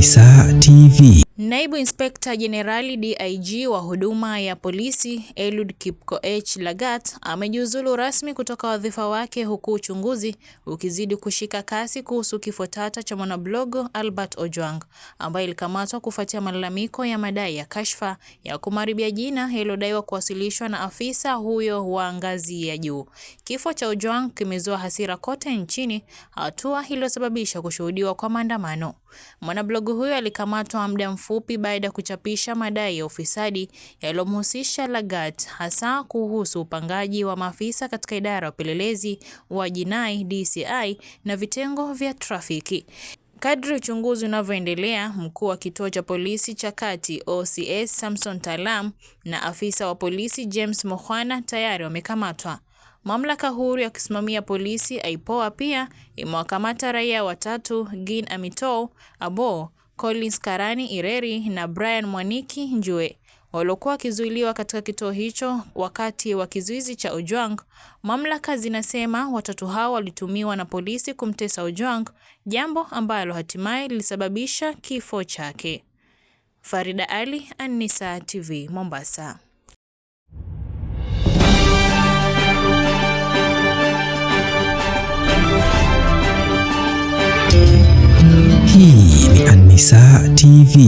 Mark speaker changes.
Speaker 1: Isa TV Naibu Inspekta Jenerali DIG wa huduma ya polisi Eliud Kipkoech Lagat amejiuzulu rasmi kutoka wadhifa wake huku uchunguzi ukizidi kushika kasi kuhusu kifo tata cha mwanablogo Albert Ojwang ambaye alikamatwa kufuatia malalamiko ya madai ya kashfa ya kumharibia jina yaliyodaiwa kuwasilishwa na afisa huyo wa ngazi ya juu. Kifo cha Ojwang kimezua hasira kote nchini, hatua iliyosababisha kushuhudiwa kwa maandamano. Mwanablogo huyo alikamatwa muda mfupi mfupi baada ya kuchapisha madai ya ufisadi yaliyomhusisha Lagat hasa kuhusu upangaji wa maafisa katika idara ya upelelezi wa jinai DCI na vitengo vya trafiki. Kadri uchunguzi unavyoendelea, mkuu wa kituo cha polisi cha Kati OCS Samson Talam na afisa wa polisi James Mukhwana tayari wamekamatwa. Mamlaka huru ya kusimamia polisi aipoa pia imewakamata raia watatu Gin Amitou Abo Collins Karani Ireri na Brian Mwaniki Njue waliokuwa wakizuiliwa katika kituo hicho wakati wa kizuizi cha Ojwang. Mamlaka zinasema watatu hao walitumiwa na polisi kumtesa Ojwang, jambo ambalo hatimaye lilisababisha kifo chake. Farida Ali, Anisa TV, Mombasa. Isa TV.